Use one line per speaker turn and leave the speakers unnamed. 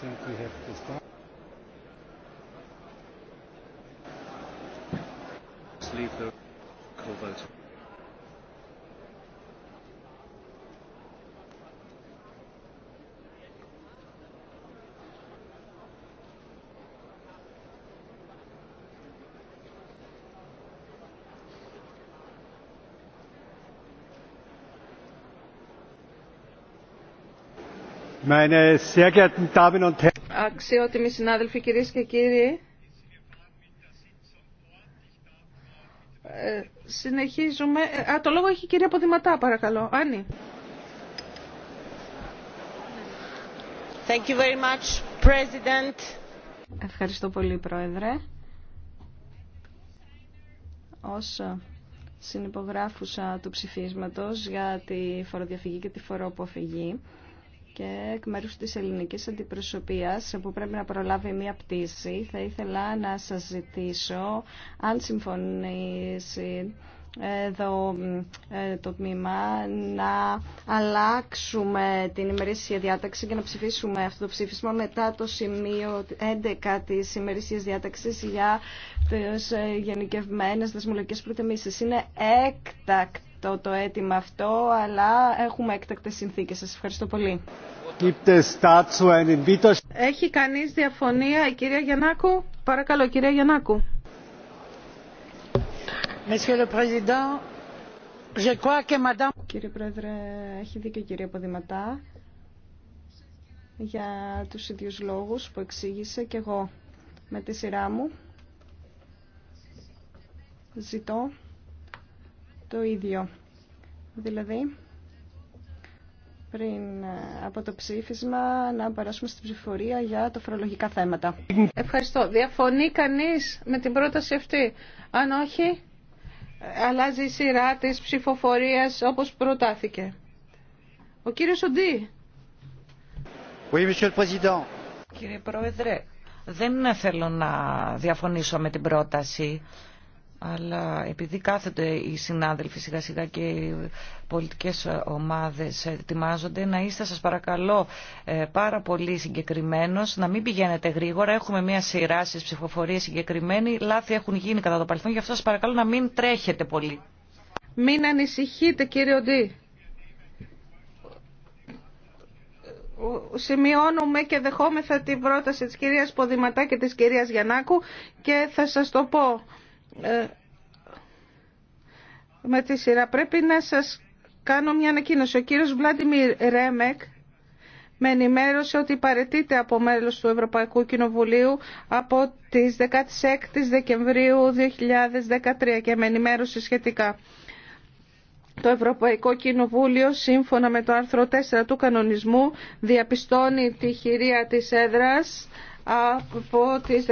think we have to start.
Leave the vote. Αξιότιμοι συνάδελφοι, κυρίες και κύριοι, ε, συνεχίζουμε. Ε, α, το λόγο έχει η κυρία Ποδηματά, παρακαλώ. Άννη. Thank you very much, President.
Ευχαριστώ πολύ, Πρόεδρε. Ως συνυπογράφουσα του ψηφίσματος για τη φοροδιαφυγή και τη φοροαποφυγή, και εκ μέρους της ελληνικής αντιπροσωπείας που πρέπει να προλάβει μία πτήση θα ήθελα να σας ζητήσω αν συμφωνήσει ε, εδώ ε, το τμήμα να αλλάξουμε την ημερήσια διάταξη και να ψηφίσουμε αυτό το ψήφισμα μετά το σημείο 11 της ημερήσιας διάταξης για τις ε, γενικευμένες δεσμολογικές προτεμήσεις. Είναι έκτακτη το το αίτημα αυτό, αλλά
έχουμε έκτακτες συνθήκες. Σας ευχαριστώ πολύ. Έχει κανείς διαφωνία, η κυρία Γιαννάκου. Παρακαλώ, κυρία Γιαννάκου. Κύριε Πρόεδρε,
έχει δίκιο κυρία Ποδηματά για τους ίδιους λόγους που εξήγησε και εγώ με τη σειρά μου. Ζητώ το ίδιο. Δηλαδή, πριν ε, από το ψήφισμα να περάσουμε στην ψηφορία
για τα φορολογικά θέματα. Ευχαριστώ. Διαφωνεί κανείς με την πρόταση αυτή. Αν όχι, αλλάζει η σειρά της ψηφοφορίας όπως προτάθηκε. Ο κύριος Οντή. Oui,
Κύριε Πρόεδρε, δεν θέλω να διαφωνήσω με την πρόταση αλλά επειδή κάθονται οι συνάδελφοι σιγά σιγά και οι πολιτικές ομάδες ετοιμάζονται να είστε σας παρακαλώ ε, πάρα πολύ συγκεκριμένος να μην πηγαίνετε γρήγορα έχουμε μια σειρά στις ψηφοφορίες συγκεκριμένη λάθη έχουν γίνει κατά το παρελθόν γι' αυτό σας παρακαλώ να μην τρέχετε πολύ
Μην ανησυχείτε κύριε Οντή σημειώνουμε και δεχόμεθα την πρόταση της κυρίας Ποδηματά και της κυρίας Γιαννάκου και θα σας το πω ε, με τη σειρά. Πρέπει να σας κάνω μια ανακοίνωση. Ο κύριος Βλάντιμιρ Ρέμεκ με ενημέρωσε ότι παρετείται από μέλος του Ευρωπαϊκού Κοινοβουλίου από τις 16 Δεκεμβρίου 2013 και με ενημέρωσε σχετικά. Το Ευρωπαϊκό Κοινοβούλιο, σύμφωνα με το άρθρο 4 του κανονισμού, διαπιστώνει τη χειρία της έδρας από τις